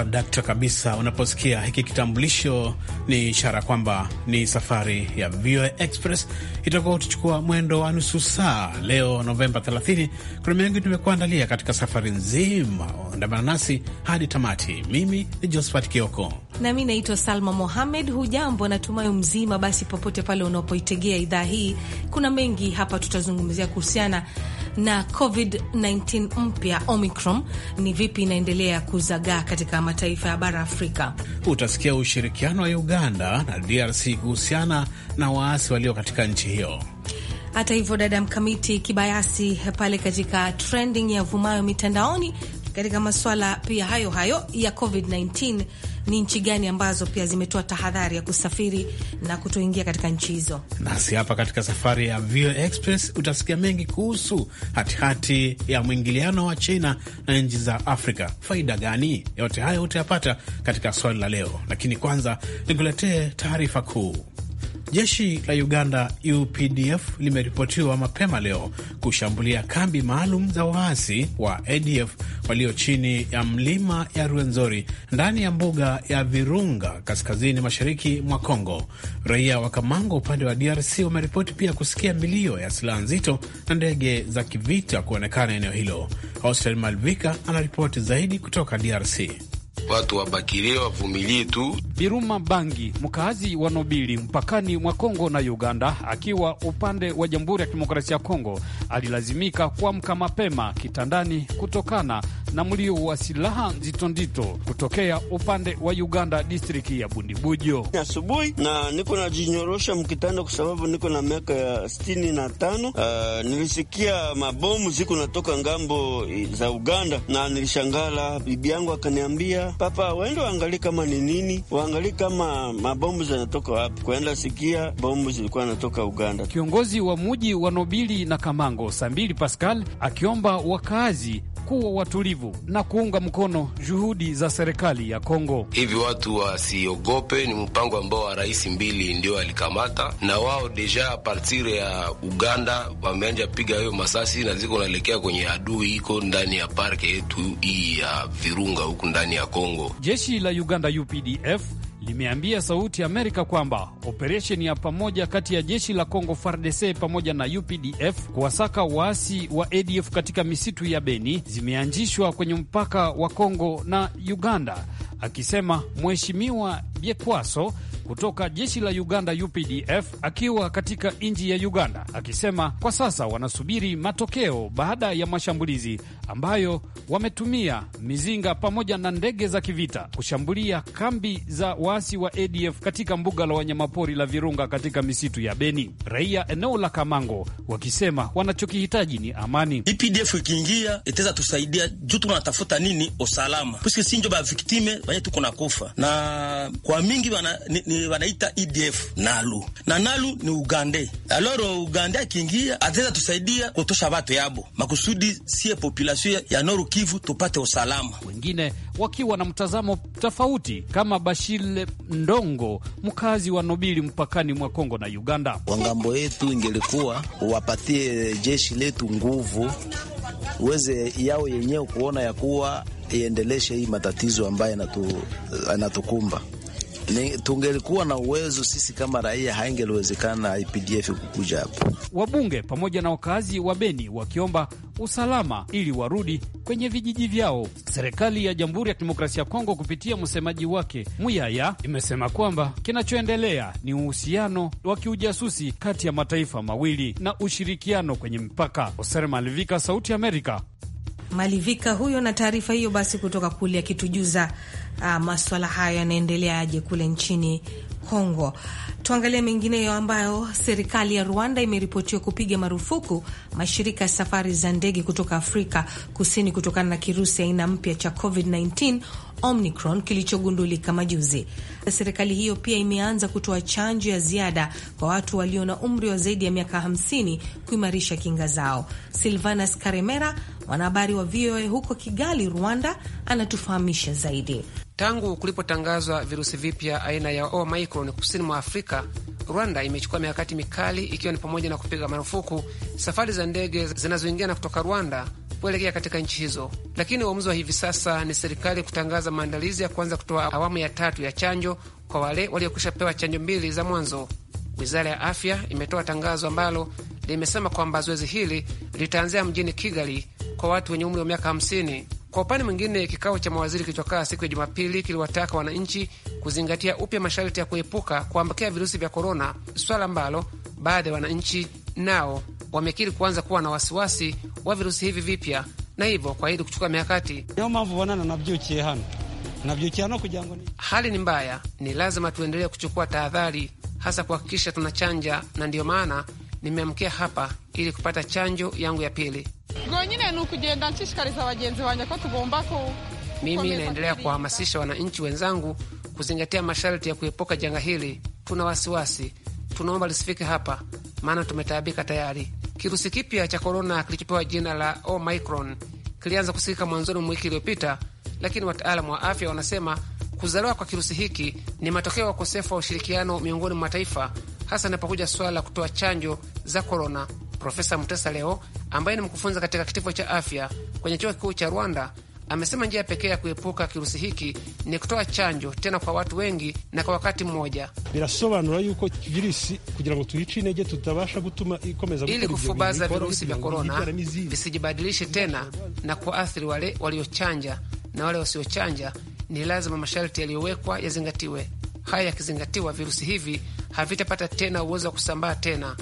dakta kabisa. Unaposikia hiki kitambulisho, ni ishara kwamba ni safari ya VOA Express itakuwa kutuchukua mwendo wa nusu saa leo Novemba 30. Kuna mengi tumekuandalia katika safari nzima, andamana nasi hadi tamati. Mimi ni Josphat Kioko na mi naitwa Salma Mohamed. Hujambo, natumai mzima. Basi popote pale unapoitegea idhaa hii, kuna mengi hapa tutazungumzia kuhusiana na COVID-19 mpya Omicron ni vipi inaendelea kuzagaa katika mataifa ya bara Afrika. Utasikia ushirikiano wa Uganda na DRC kuhusiana na waasi walio katika nchi hiyo. Hata hivyo, dada mkamiti kibayasi pale katika trending ya vumayo mitandaoni katika masuala pia hayo hayo ya COVID-19, ni nchi gani ambazo pia zimetoa tahadhari ya kusafiri na kutoingia katika nchi hizo? Nasi hapa katika safari ya VOA Express utasikia mengi kuhusu hatihati ya mwingiliano wa China na nchi za Afrika. Faida gani? Yote hayo utayapata katika swali la leo, lakini kwanza nikuletee taarifa kuu. Jeshi la Uganda UPDF limeripotiwa mapema leo kushambulia kambi maalum za waasi wa ADF walio chini ya mlima ya ruenzori ndani ya mbuga ya Virunga kaskazini mashariki mwa Kongo. Raia wa Kamango upande wa DRC wameripoti pia kusikia milio ya silaha nzito na ndege za kivita kuonekana eneo hilo. Austel Malvika anaripoti zaidi kutoka DRC watu wabakilie, wavumilie tu. Biruma Bangi, mkaazi wa Nobili mpakani mwa Kongo na Uganda, akiwa upande wa Jamhuri ya Kidemokrasia ya Kongo, alilazimika kuamka mapema kitandani kutokana na mlio wa silaha nzito nzito kutokea upande wa Uganda, distriki ya Bundibujo asubuhi, na niko najinyorosha mkitanda kwa sababu niko na miaka ya sitini na tano. Uh, nilisikia mabomu ziko natoka ngambo eh, za Uganda na nilishangala, bibi yangu akaniambia papa waende waangalie kama ni nini, waangalie kama mabomu zinatoka wapi, kwenda sikia bomu zilikuwa zinatoka Uganda. Kiongozi wa muji wa Nobili na Kamango Sambili Pascal akiomba wakaazi kuwa watulivu na kuunga mkono juhudi za serikali ya Kongo. Hivi watu wasiogope, ni mpango ambao wa rais mbili ndio alikamata, na wao deja partir ya Uganda wameanja piga hiyo masasi na ziko naelekea kwenye adui iko ndani ya parke yetu hii ya Virunga huku ndani ya Kongo. Jeshi la Uganda UPDF limeambia Sauti ya Amerika kwamba operesheni ya pamoja kati ya jeshi la congo FARDC pamoja na UPDF kuwasaka waasi wa ADF katika misitu ya Beni zimeanzishwa kwenye mpaka wa Kongo na Uganda, akisema Mheshimiwa Byekwaso kutoka jeshi la Uganda UPDF akiwa katika nchi ya Uganda, akisema kwa sasa wanasubiri matokeo baada ya mashambulizi ambayo wametumia mizinga pamoja na ndege za kivita kushambulia kambi za waasi wa ADF katika mbuga la wanyamapori la Virunga katika misitu ya Beni. Raia eneo la Kamango wakisema wanachokihitaji ni amani. UPDF ikiingia tusaidia juu tunatafuta nini usalama, sinjo wenye tuko na kufa na kwa mingi wana, ni, ni wanaita EDF Nalu na Nalu ni Ugande. Aloro Ugande akiingia ataweza tusaidia kutosha watu yabo makusudi sie population ya Noru Kivu tupate usalama. Wengine wakiwa na mtazamo tofauti kama Bashil Ndongo, mkazi wa Nobili mpakani mwa Kongo na Uganda. Wangambo yetu ingelikuwa wapatie jeshi letu nguvu uweze yao yenyewe kuona ya kuwa iendeleshe hii matatizo ambayo anatukumba ni tungelikuwa na uwezo sisi kama raia, haingeliwezekana IPDF kukuja hapo. Wabunge pamoja na wakazi wa Beni wakiomba usalama ili warudi kwenye vijiji vyao. Serikali ya Jamhuri ya Kidemokrasia ya Kongo kupitia msemaji wake Muyaya imesema kwamba kinachoendelea ni uhusiano wa kiujasusi kati ya mataifa mawili na ushirikiano kwenye mpaka. Oser Malivika, Sauti Amerika. Malivika huyo na taarifa hiyo basi kutoka kule akitujuza uh, maswala hayo yanaendeleaje kule nchini Kongo. Tuangalie mengineyo ambayo serikali ya Rwanda imeripotiwa kupiga marufuku mashirika ya safari za ndege kutoka Afrika Kusini kutokana na kirusi aina mpya cha COVID-19 Omicron kilichogundulika majuzi. Serikali hiyo pia imeanza kutoa chanjo ya ziada kwa watu walio na umri wa zaidi ya miaka 50 kuimarisha kinga zao. Silvanas Karemera, mwanahabari wa VOA huko Kigali, Rwanda, anatufahamisha zaidi. Tangu kulipotangazwa virusi vipya aina ya Omicron kusini mwa Afrika, Rwanda imechukua mikakati mikali, ikiwa ni pamoja na kupiga marufuku safari za ndege zinazoingia na kutoka Rwanda kuelekea katika nchi hizo. Lakini uamuzi wa hivi sasa ni serikali kutangaza maandalizi ya kuanza kutoa awamu ya tatu ya chanjo kwa wale pewa chanjo mbili za mwanzo. Wizara ya afya imetoa tangazo ambalo limesema kwamba zoezi hili litaanzia mjini Kigali kwa watu wenye umri wa miaka 50. Kwa upande mwingine, kikao cha mawaziri kilichokaa siku ya Jumapili kiliwataka wananchi kuzingatia upya masharti ya kuepuka kuambukia virusi vya korona, swala ambalo baadhi ya wananchi nao wamekiri kuanza kuwa na wasiwasi wa virusi hivi vipya na hivyo kwahidi kuchukua mikakati. Hali ni mbaya, ni lazima tuendelee kuchukua tahadhari, hasa kuhakikisha tunachanja, na ndiyo maana nimeamkia hapa ili kupata chanjo yangu ya pili rwonyine ni ukugenda nshishikariza bagenzi banjye ko tugomba ku mimi naendelea kuwahamasisha wananchi wenzangu kuzingatia masharti ya kuepuka janga hili. Tuna wasiwasi, tunaomba lisifike hapa, maana tumetaabika tayari. Kirusi kipya cha korona kilichopewa jina la Omicron kilianza kusikika mwanzoni mwa wiki iliyopita, lakini wataalamu wa afya wanasema kuzaliwa kwa kirusi hiki ni matokeo ya ukosefu wa ushirikiano miongoni mwa mataifa, hasa inapokuja suala la kutoa chanjo za korona. Profesa mtesa leo ambaye ni mkufunza katika kitivo cha afya kwenye chuo kikuu cha Rwanda amesema njia pekee ya kuepuka kirusi hiki ni kutoa chanjo tena kwa watu wengi na kwa wakati mmoja, ili kufubaza virusi vya korona visijibadilishe tena na athiri wale waliochanja na wale wasiochanja. Ni lazima masharti yaliyowekwa yazingatiwe. Haya yakizingatiwa, virusi hivi havitapata tena uwezo wa kusambaa tena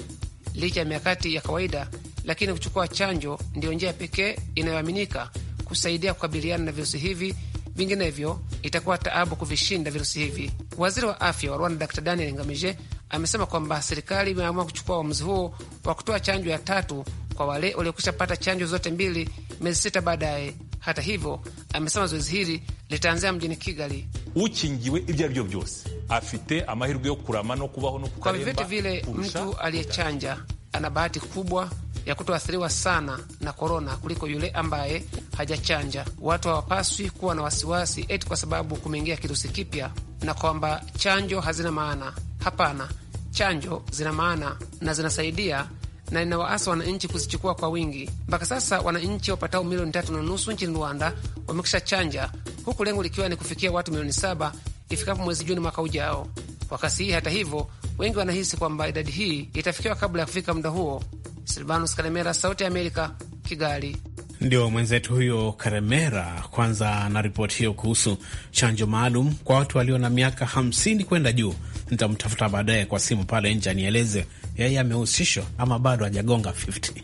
licha ya mikakati ya kawaida, lakini kuchukua chanjo ndiyo njia pekee inayoaminika kusaidia kukabiliana na virusi hivi, vinginevyo itakuwa taabu kuvishinda virusi hivi. Waziri wa afya wa Rwanda Dr Daniel Ngamije amesema kwamba serikali imeamua kuchukua uamuzi huo wa kutoa chanjo ya tatu kwa wale waliokwisha pata chanjo zote mbili miezi sita baadaye hata hivyo, amesema zoezi hili litaanzia mjini Kigali. uchingiwe ibyo aribyo byose afite amahirwe yo kurama no kubaho no kutaremba. Kwa vyovyote vile, mtu aliyechanja ana bahati kubwa ya kutoathiriwa sana na korona kuliko yule ambaye hajachanja. Watu hawapaswi kuwa na wasiwasi eti kwa sababu kumeingia kirusi kipya na kwamba chanjo hazina maana. Hapana, chanjo zina maana na zinasaidia na inawaasa wananchi kuzichukua kwa wingi. Mpaka sasa wananchi wapatao milioni tatu na nusu nchini Rwanda wamekisha chanja, huku lengo likiwa ni kufikia watu milioni saba ifikapo mwezi Juni mwaka ujao. kwa kasi hii hata hivyo, wengi wanahisi kwamba idadi hii itafikiwa kabla ya kufika muda huo. Silvanus Kalemera, Sauti ya Amerika, Kigali. Ndio mwenzetu huyo Karemera kwanza na ripoti hiyo kuhusu chanjo maalum kwa watu walio na miaka 50 kwenda juu. Nitamtafuta baadaye kwa simu pale nje anieleze yeye amehusishwa ama bado hajagonga 50?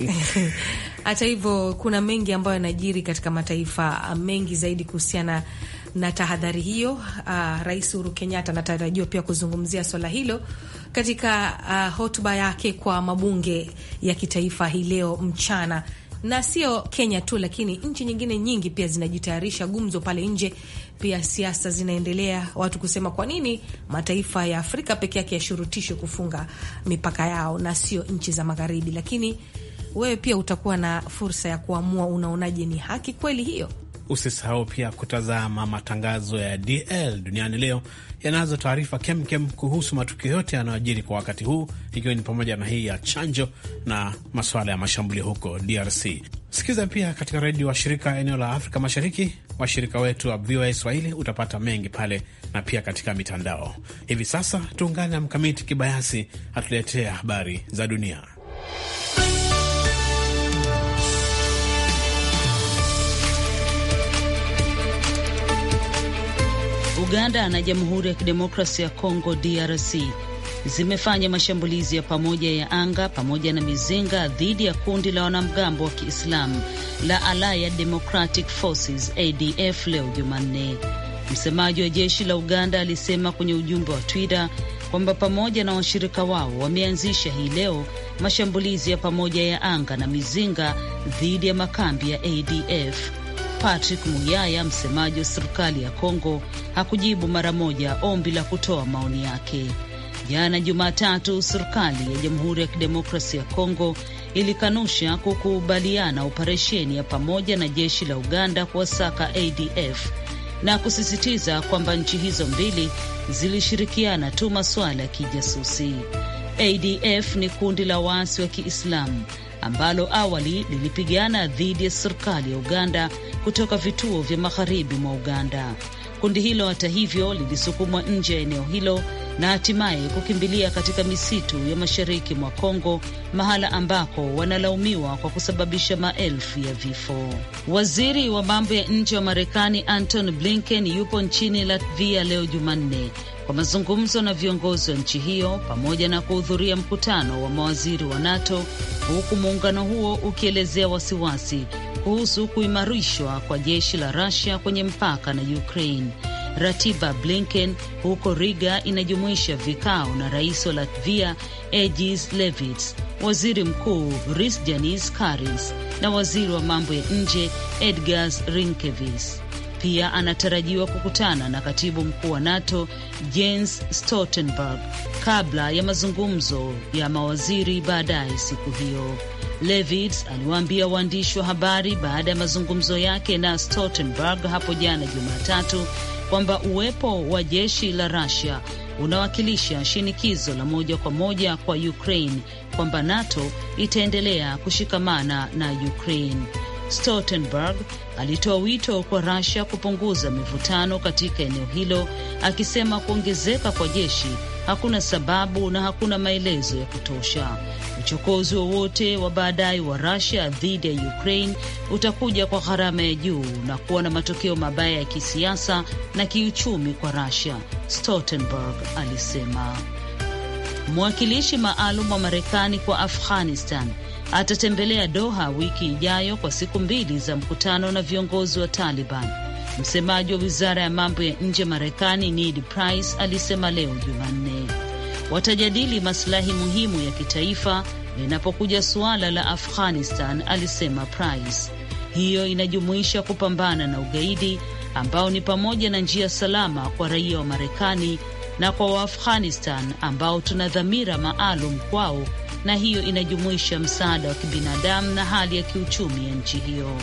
Hata hivyo kuna mengi ambayo yanajiri katika mataifa mengi zaidi kuhusiana na tahadhari hiyo. Uh, Rais Uhuru Kenyatta anatarajiwa pia kuzungumzia swala hilo katika uh, hotuba yake kwa mabunge ya kitaifa hii leo mchana na sio Kenya tu, lakini nchi nyingine nyingi pia zinajitayarisha. Gumzo pale nje pia, siasa zinaendelea, watu kusema kwa nini mataifa ya Afrika peke yake yashurutishwe kufunga mipaka yao na sio nchi za Magharibi. Lakini wewe pia utakuwa na fursa ya kuamua, unaonaje, ni haki kweli hiyo? Usisahau pia kutazama matangazo ya DL duniani leo, yanazo taarifa kemkem kuhusu matukio yote yanayojiri kwa wakati huu, ikiwa ni pamoja na hii ya chanjo na masuala ya mashambulio huko DRC. Sikiza pia katika redio wa shirika eneo la Afrika Mashariki, washirika wetu wa VOA Swahili, utapata mengi pale na pia katika mitandao. Hivi sasa tuungane na Mkamiti Kibayasi atuletee habari za dunia. Uganda na Jamhuri ya Kidemokrasia ya Kongo DRC zimefanya mashambulizi ya pamoja ya anga pamoja na mizinga dhidi ya kundi la wanamgambo wa Kiislamu la Allied Democratic Forces ADF leo Jumanne. Msemaji wa jeshi la Uganda alisema kwenye ujumbe wa Twitter kwamba pamoja na washirika wao wameanzisha hii leo mashambulizi ya pamoja ya anga na mizinga dhidi ya makambi ya ADF. Patrick Muyaya, msemaji wa serikali ya Kongo, hakujibu mara moja ombi la kutoa maoni yake. Jana Jumatatu, serikali ya Jamhuri ya Kidemokrasi ya Kongo ilikanusha kukubaliana operesheni ya pamoja na jeshi la Uganda kuwasaka ADF na kusisitiza kwamba nchi hizo mbili zilishirikiana tu masuala ya kijasusi. ADF ni kundi la waasi wa Kiislamu ambalo awali lilipigana dhidi ya serikali ya Uganda kutoka vituo vya magharibi mwa Uganda. Kundi hilo hata hivyo lilisukumwa nje ya eneo hilo na hatimaye kukimbilia katika misitu ya mashariki mwa Kongo, mahala ambako wanalaumiwa kwa kusababisha maelfu ya vifo. Waziri wa mambo ya nje wa Marekani Anton Blinken yupo nchini Latvia leo Jumanne kwa mazungumzo na viongozi wa nchi hiyo pamoja na kuhudhuria mkutano wa mawaziri wa NATO, huku muungano huo ukielezea wasiwasi kuhusu kuimarishwa kwa jeshi la Russia kwenye mpaka na Ukraine. Ratiba Blinken huko Riga inajumuisha vikao na rais wa Latvia Egis Levits, waziri mkuu Risjanis Karis na waziri wa mambo ya nje Edgars Rinkevis. Pia anatarajiwa kukutana na katibu mkuu wa NATO Jens Stoltenberg kabla ya mazungumzo ya mawaziri baadaye siku hiyo. Levits aliwaambia waandishi wa habari baada ya mazungumzo yake na Stoltenberg hapo jana Jumatatu kwamba uwepo wa jeshi la rusia unawakilisha shinikizo la moja kwa moja kwa Ukraine kwamba NATO itaendelea kushikamana na Ukraine. Stoltenberg alitoa wito kwa Russia kupunguza mivutano katika eneo hilo, akisema kuongezeka kwa jeshi hakuna sababu na hakuna maelezo ya kutosha. Uchokozi wowote wa baadaye wa Russia dhidi ya Ukraine utakuja kwa gharama ya juu na kuwa na matokeo mabaya ya kisiasa na kiuchumi kwa Russia, Stoltenberg alisema. Mwakilishi maalum wa Marekani kwa Afghanistan atatembelea Doha wiki ijayo kwa siku mbili za mkutano na viongozi wa Taliban. Msemaji wa wizara ya mambo ya nje Marekani Ned Price alisema leo Jumanne watajadili masilahi muhimu ya kitaifa linapokuja suala la Afghanistan, alisema Price. Hiyo inajumuisha kupambana na ugaidi ambao ni pamoja na njia salama kwa raia wa Marekani na kwa Waafghanistan ambao tuna dhamira maalum kwao na hiyo inajumuisha msaada wa kibinadamu na hali ya kiuchumi ya nchi hiyo.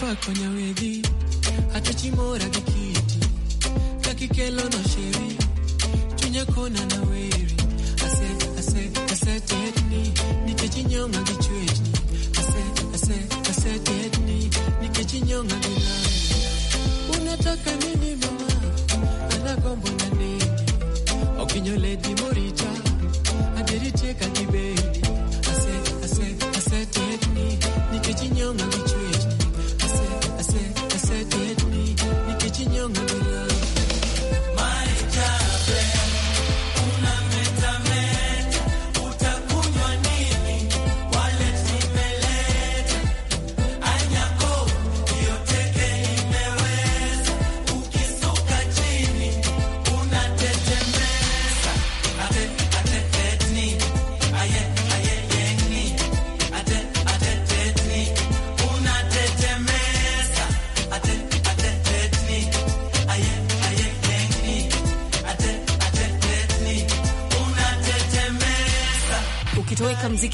pakonyawethi atachimoraga kiti kakikelo no sheri chunyakona na weri ase ase asetetni nikechinyonga gichwetni ase ase asetetni nikechinyonga gilani unataka nini mama anagombona nini okinyoledi morita adericheka kibeni ase ase asetetni nikechinyonga gichwetni nikichinyongila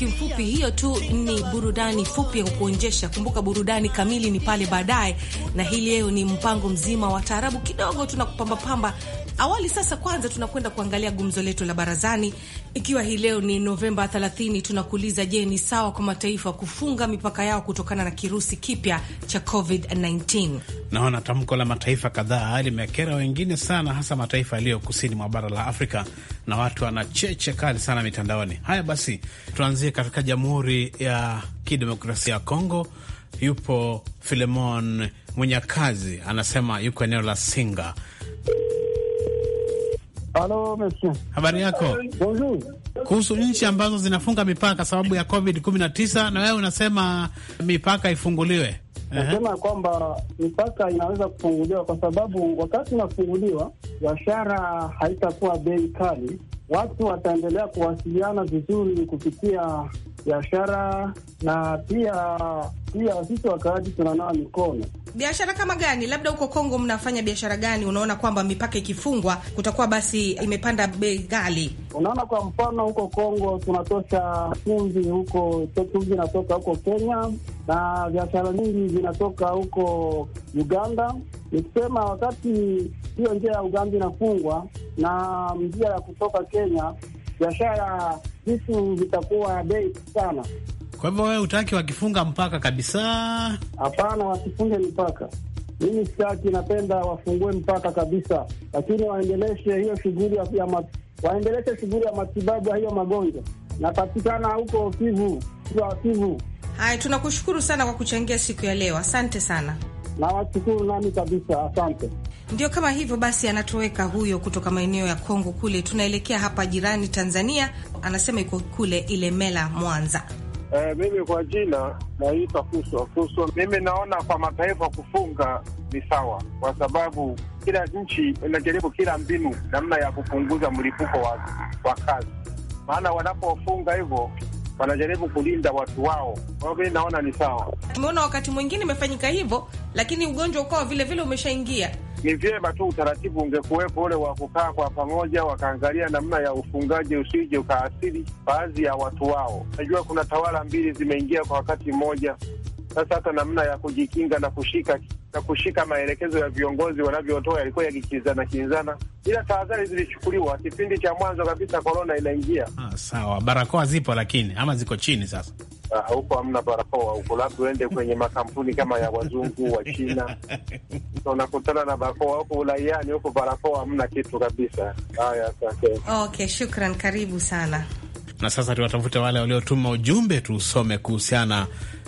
muziki mfupi. Hiyo tu ni burudani fupi ya kukuonjesha. Kumbuka burudani kamili ni pale baadaye, na hii leo ni mpango mzima wa taarabu kidogo, pamba awali. Sasa kwanza tunakwenda kuangalia gumzo letu la barazani, ikiwa hii leo ni Novemba 30. Tunakuuliza, je, ni sawa kwa mataifa kufunga mipaka yao kutokana na kirusi kipya cha COVID-19? Naona tamko la mataifa kadhaa limekera wengine sana, hasa mataifa yaliyo kusini mwa bara la Afrika na watu wanacheche kali sana mitandaoni. Haya basi, tuanzie katika Jamhuri ya Kidemokrasia ya Kongo. Yupo Filemon Mwenyakazi, anasema yuko eneo la Singa. Halo, monsieur. Habari yako? Bonjour. Kuhusu nchi ambazo zinafunga mipaka sababu ya COVID-19 na wewe unasema mipaka ifunguliwe nasema ya kwamba mipaka inaweza kufunguliwa kwa sababu wakati inafunguliwa biashara haitakuwa bei kali, watu wataendelea kuwasiliana vizuri kupitia biashara, na pia pia sisi wakaaji tunanawa mikono biashara kama gani? Labda huko Kongo mnafanya biashara gani? Unaona kwamba mipaka ikifungwa kutakuwa basi imepanda bei ghali? Unaona, kwa mfano huko Kongo tunatosha chumvi huko, chumvi inatoka huko Kenya na biashara nyingi zinatoka huko Uganda. Nikisema wakati hiyo njia ya Uganda inafungwa na njia ya kutoka Kenya, biashara vitu vitakuwa bei sana. Kwa hivyo wewe utaki wakifunga mpaka kabisa? Hapana, wasifunge mpaka. Mimi sitaki, napenda wafungue mpaka kabisa, lakini waendeleshe hiyo shughuli ya ma... waendeleshe shughuli ya matibabu ya hiyo magonjwa napatikana huko Kivu, Kivu. Haya, tunakushukuru sana kwa kuchangia siku ya leo, asante sana. Nawashukuru nami kabisa, asante. Ndio, kama hivyo basi, anatoweka huyo kutoka maeneo ya Kongo kule. Tunaelekea hapa jirani Tanzania, anasema iko kule Ilemela, Mwanza. Eh, mimi kwa jina naitwa Kuso Kuso. Mimi naona kwa mataifa kufunga ni sawa, kwa sababu kila nchi inajaribu kila mbinu namna ya kupunguza mlipuko wa, wa kazi, maana wanapofunga hivyo wanajaribu kulinda watu wao. Kwa hivyo naona ni sawa. Tumeona wakati mwingine imefanyika hivyo, lakini ugonjwa ukawa vile vile umeshaingia. Ni vyema tu utaratibu ungekuwepo ule wa kukaa kwa pamoja, wakaangalia namna ya ufungaji usije ukaathiri baadhi ya watu wao. Najua kuna tawala mbili zimeingia kwa wakati mmoja. Sasa hata namna ya kujikinga na kushika na kushika maelekezo ya viongozi wanavyotoa yalikuwa yakikinzana kinzana, ila tahadhari zilichukuliwa kipindi cha mwanzo kabisa korona inaingia. Ah, sawa. Barakoa zipo lakini ama ziko chini sasa huko ah, uh, hamna barakoa huko, labda uende kwenye makampuni kama ya wazungu wa China unakutana na barakoa huko. Ulaiani huko barakoa hamna kitu kabisa. Haya, asante. Okay, shukran, karibu sana. Na sasa tuwatafute wale waliotuma ujumbe tuusome kuhusiana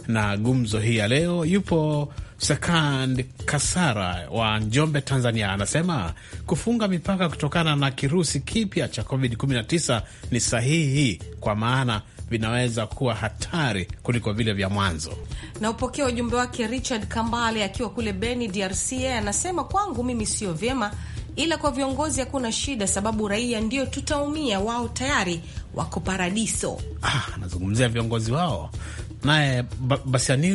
na gumzo hii ya leo yupo Sekand Kasara wa Njombe, Tanzania, anasema kufunga mipaka kutokana na kirusi kipya cha COVID-19 ni sahihi kwa maana vinaweza kuwa hatari kuliko vile vya mwanzo. Na upokea ujumbe wake Richard Kambale akiwa kule Beni, DRC. anasema kwangu mimi sio vyema ila kwa viongozi hakuna shida, sababu raia ndio tutaumia, wao tayari wako paradiso. Ah, anazungumzia ah, viongozi wao. Naye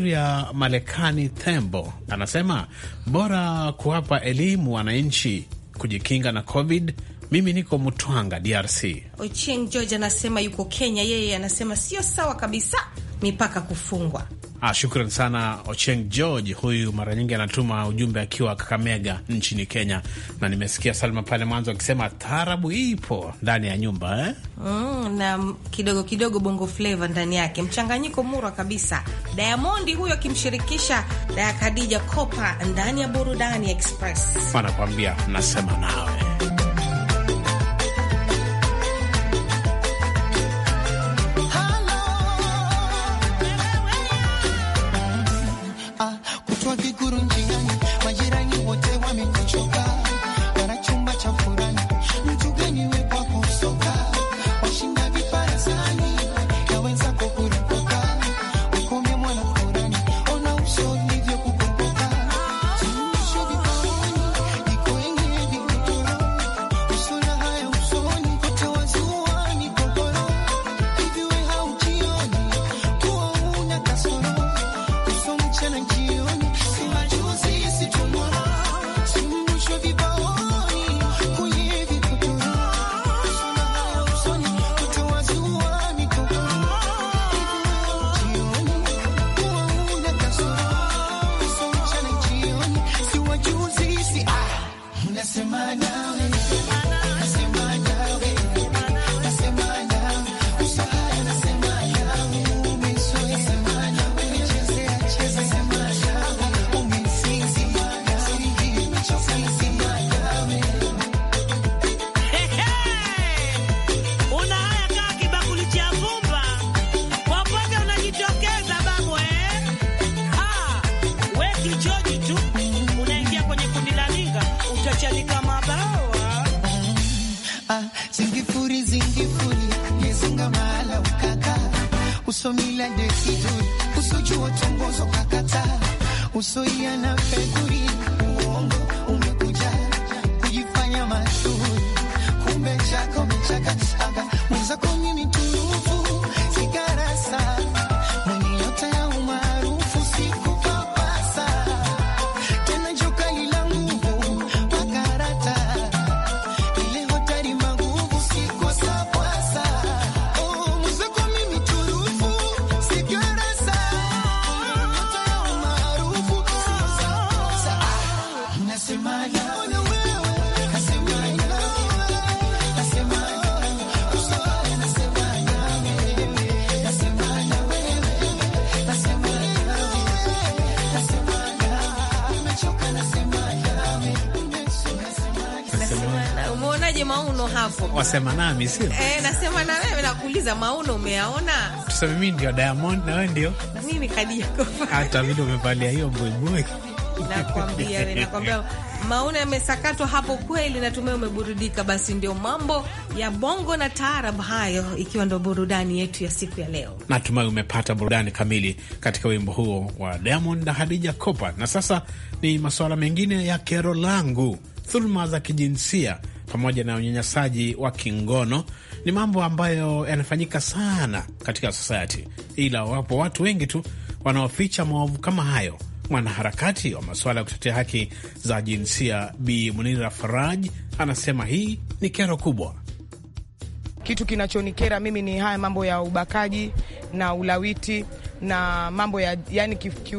ya Malekani Tembo anasema bora kuwapa elimu wananchi kujikinga na COVID. Mimi niko Mtwanga, DRC. Ochieng George anasema yuko Kenya, yeye anasema sio sawa kabisa mipaka kufungwa. Ah, shukran sana Ocheng George, huyu mara nyingi anatuma ujumbe akiwa Kakamega nchini Kenya, na nimesikia Salma pale mwanzo akisema taarabu ipo ndani ya nyumba eh? Mm, na kidogo kidogo bongo flava ndani yake, mchanganyiko murwa kabisa. Diamondi huyo akimshirikisha Daya Khadija Kopa ndani ya Burudani Express, wanakwambia nasema nawe control. wasema nami sio? Eh, nasema na wewe, nakuuliza mauno umeaona? Tuseme mimi ndio Diamond na wewe ndio mimi Khadija Kopa. Hata vile umevalia hiyo mbuibui. Nakwambia, nakwambia mauno yamesakatwa hapo kweli, natumai umeburudika. Basi ndio mambo ya bongo na taarab hayo, ikiwa ndo burudani yetu ya siku ya leo. Natumai umepata burudani kamili katika wimbo huo wa Diamond na Hadija Kopa. Na sasa ni masuala mengine ya kero langu, dhuluma za kijinsia pamoja na unyanyasaji wa kingono ni mambo ambayo yanafanyika sana katika society, ila wapo watu wengi tu wanaoficha maovu kama hayo. Mwanaharakati wa masuala ya kutetea haki za jinsia Bi Munira Faraj anasema hii ni kero kubwa. Kitu kinachonikera mimi ni haya mambo ya ubakaji na ulawiti na mambo ya yani,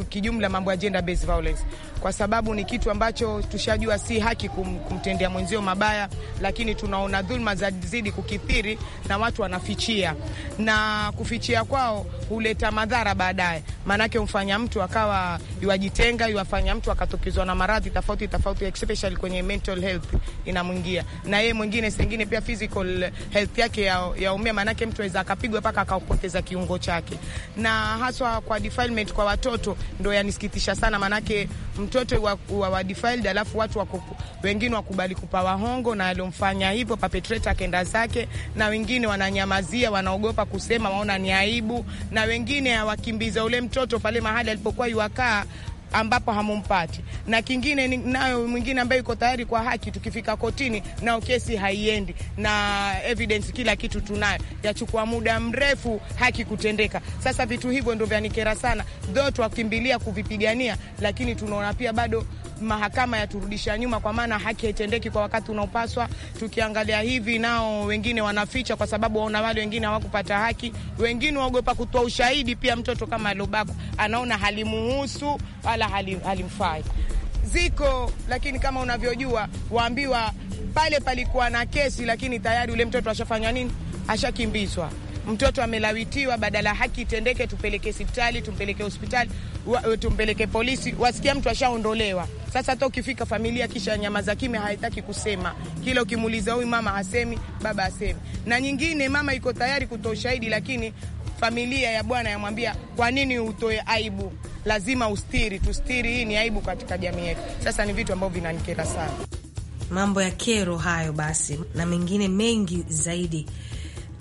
kijumla mambo ya gender based violence kwa sababu ni kitu ambacho tushajua si haki kum, kumtendea mwenzio mabaya, lakini tunaona dhulma zazidi kukithiri na watu wanafichia, na kufichia kwao huleta madhara baadaye. Maanake humfanya mtu akawa yuwajitenga, yuwafanya mtu akatokizwa na maradhi tofauti tofauti, especially kwenye mental health inamwingia, na yeye mwingine sengine pia physical health yake yaumia ya, maanake mtu aweza akapigwa mpaka akapoteza kiungo chake, na haswa kwa defilement kwa watoto ndo yanisikitisha sana, maanake mtu mtoto wa wa defiled, alafu watu wako wengine wakubali kupawa hongo, na alomfanya hivyo perpetrator akenda zake, na wengine wananyamazia, wanaogopa kusema, waona ni aibu, na wengine hawakimbiza ule mtoto pale mahali alipokuwa yuakaa ambapo hamumpati, na kingine nayo mwingine ambaye yuko tayari kwa haki. Tukifika kotini, nao kesi haiendi, na evidence kila kitu tunayo, yachukua muda mrefu haki kutendeka. Sasa vitu hivyo ndo vyanikera sana, dho twakimbilia kuvipigania, lakini tunaona pia bado mahakama yaturudisha nyuma, kwa maana haki haitendeki kwa wakati unaopaswa. Tukiangalia hivi, nao wengine wanaficha kwa sababu waona wale wengine hawakupata haki, wengine waogopa kutoa ushahidi. Pia mtoto kama alobakwa anaona halimuhusu wala halimfai. Ziko lakini kama unavyojua, waambiwa pale palikuwa na kesi, lakini tayari yule mtoto ashafanya nini? Ashakimbizwa. Mtoto amelawitiwa, badala haki itendeke, tupeleke hospitali, tumpeleke hospitali, tumpeleke polisi, wasikia mtu ashaondolewa. Sasa hata ukifika familia kisha nyama za kime haitaki kusema kila. Ukimuuliza huyu mama hasemi, baba hasemi. Na nyingine mama iko tayari kutoa ushahidi, lakini familia ya bwana yamwambia, kwa nini utoe aibu? Lazima ustiri, tustiri. Hii ni aibu katika jamii yetu. Sasa ni vitu ambavyo vinanikera sana, mambo ya kero hayo. Basi na mengine mengi zaidi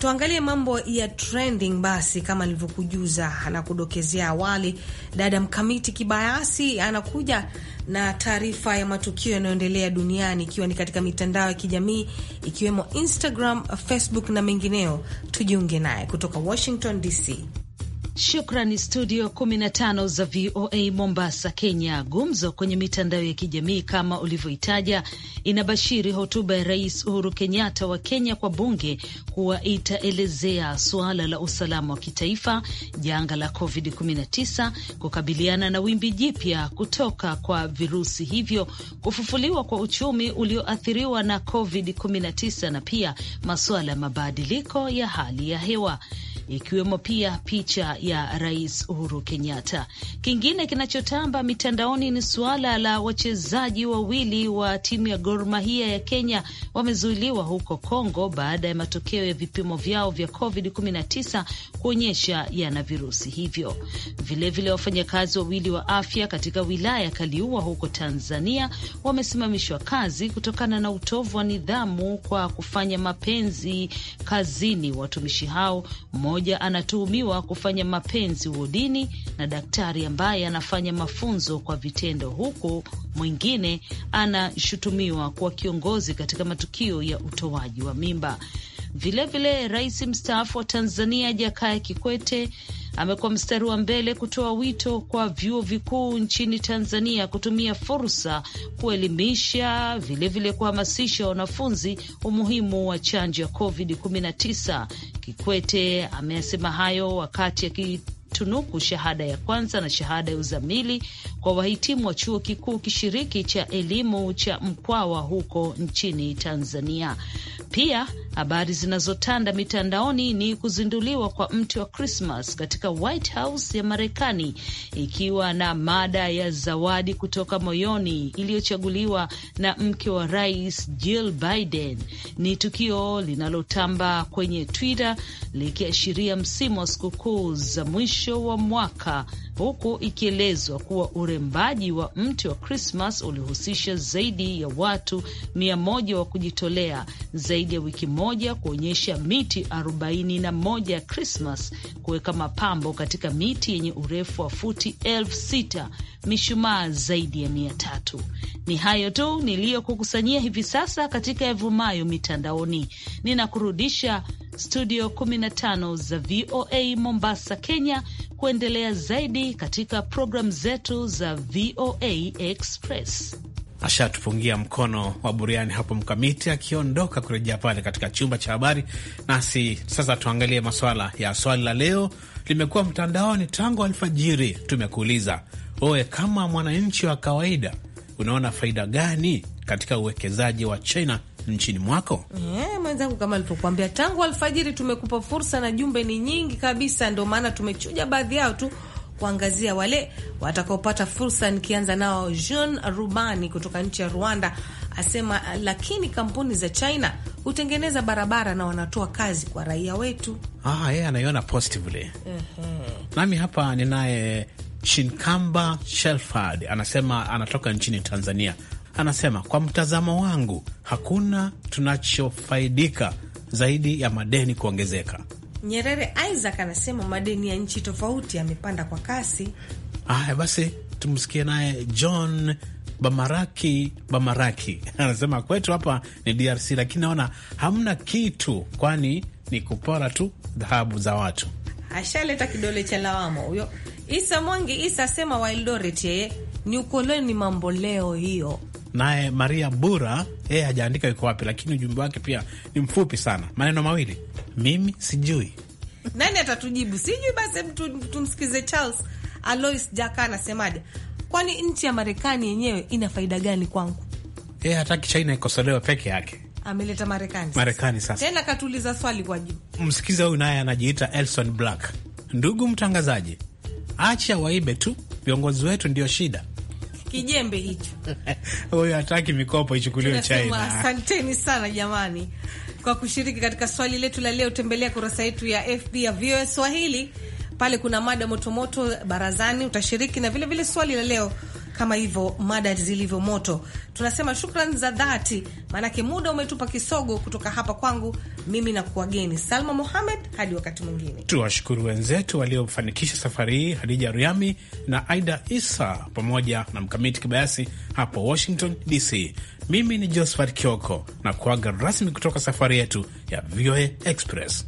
Tuangalie mambo ya trending basi. Kama nilivyokujuza na kudokezea awali, dada Mkamiti Kibayasi anakuja na taarifa ya matukio yanayoendelea duniani ikiwa ni katika mitandao ya kijamii ikiwemo Instagram, Facebook na mengineo. Tujiunge naye kutoka Washington DC. Shukrani studio 15 za VOA Mombasa, Kenya. Gumzo kwenye mitandao ya kijamii kama ulivyohitaja inabashiri hotuba ya Rais Uhuru Kenyatta wa Kenya kwa bunge kuwa itaelezea suala la usalama wa kitaifa, janga la COVID-19, kukabiliana na wimbi jipya kutoka kwa virusi hivyo, kufufuliwa kwa uchumi ulioathiriwa na COVID-19 na pia masuala ya mabadiliko ya hali ya hewa ikiwemo pia picha ya Rais Uhuru Kenyatta. Kingine kinachotamba mitandaoni ni suala la wachezaji wawili wa timu ya Gor Mahia ya Kenya wamezuiliwa huko Kongo baada ya matokeo ya vipimo vyao vya COVID-19 kuonyesha yana virusi hivyo. Vilevile, wafanyakazi wawili wa afya katika wilaya Kaliua huko Tanzania wamesimamishwa kazi kutokana na utovu wa nidhamu kwa kufanya mapenzi kazini. Watumishi hao mmoja anatuhumiwa kufanya mapenzi wodini na daktari ambaye anafanya mafunzo kwa vitendo, huku mwingine anashutumiwa kuwa kiongozi katika matukio ya utoaji wa mimba. Vilevile, rais mstaafu wa Tanzania Jakaya Kikwete amekuwa mstari wa mbele kutoa wito kwa vyuo vikuu nchini Tanzania kutumia fursa kuelimisha, vilevile kuhamasisha wanafunzi umuhimu wa chanjo ya COVID-19. Kikwete ameyasema hayo wakati aki tunuku shahada ya kwanza na shahada ya uzamili kwa wahitimu wa chuo kikuu kishiriki cha elimu cha Mkwawa huko nchini Tanzania. Pia habari zinazotanda mitandaoni ni kuzinduliwa kwa mti wa Krismas katika White House ya Marekani, ikiwa na mada ya zawadi kutoka moyoni, iliyochaguliwa na mke wa rais Jill Biden. Ni tukio linalotamba kwenye Twitter likiashiria msimu wa sikukuu za mwisho mwisho wa mwaka huku ikielezwa kuwa urembaji wa mti wa Krismas ulihusisha zaidi ya watu mia moja wa kujitolea zaidi ya wiki moja kuonyesha miti arobaini na moja ya Krismas, kuweka mapambo katika miti yenye urefu wa futi elfu sita mishumaa zaidi ya mia tatu. Ni hayo tu niliyokukusanyia hivi sasa katika yavumayo mitandaoni. Ninakurudisha studio 15 za VOA Mombasa, Kenya kuendelea zaidi katika programu zetu za VOA Express. Ashatupungia mkono wa buriani hapo Mkamiti akiondoka kurejea pale katika chumba cha habari. Nasi sasa tuangalie masuala ya swali la leo, limekuwa mtandaoni tangu alfajiri. Tumekuuliza owe, kama mwananchi wa kawaida, unaona faida gani katika uwekezaji wa China nchini mwako? Yeah, mwenzangu, kama alivyokuambia tangu alfajiri tumekupa fursa na jumbe ni nyingi kabisa, ndio maana tumechuja baadhi yao tu kuangazia wale watakaopata fursa. Nikianza nao, Jean Rubani kutoka nchi ya Rwanda asema, lakini kampuni za China hutengeneza barabara na wanatoa kazi kwa raia wetu. Ah, yeye anaiona positively. Nami hapa ninaye Shinkamba Shelford anasema anatoka nchini Tanzania anasema, kwa mtazamo wangu hakuna tunachofaidika zaidi ya madeni kuongezeka. Nyerere Isaac anasema madeni ya nchi tofauti yamepanda kwa kasi. Haya basi, tumsikie naye John Bamaraki Bamaraki anasema kwetu hapa ni DRC, lakini naona hamna kitu, kwani ni kupora tu dhahabu za watu. Ashaleta kidole cha lawama huyo. Isa Mwangi Isa asema wa yeye ni ukoloni mambo leo hiyo naye Maria Bura yeye hajaandika yuko wapi, lakini ujumbe wake pia ni mfupi sana, maneno mawili, mimi sijui. Nani atatujibu? Sijui. Basi tumsikize Charles Alois Jaka anasemaje, kwani nchi ya Marekani yenyewe ina faida gani kwangu? Yeye hataki China ikosolewa peke yake, ameleta Marekani. Marekani sasa tena katuuliza swali kwa juu. Msikiza huyu naye anajiita Elson Black. Ndugu mtangazaji, acha waibe tu, viongozi wetu ndio shida kijembe hicho. Huyo hataki mikopo ichukuliwe China. Asanteni sana jamani kwa kushiriki katika swali letu la leo. Tembelea kurasa yetu ya FB ya VOA Swahili, pale kuna mada motomoto barazani, utashiriki na vilevile swali la leo kama hivyo mada zilivyo moto. Tunasema shukran za dhati, maanake muda umetupa kisogo. Kutoka hapa kwangu mimi na kuwageni Salma Mohamed, hadi wakati mwingine. Tuwashukuru wenzetu waliofanikisha safari hii, Hadija Ruyami na Aida Isa pamoja na Mkamiti Kibayasi hapo Washington DC. Mimi ni Josephat Kioko na kuaga rasmi kutoka safari yetu ya VOA Express.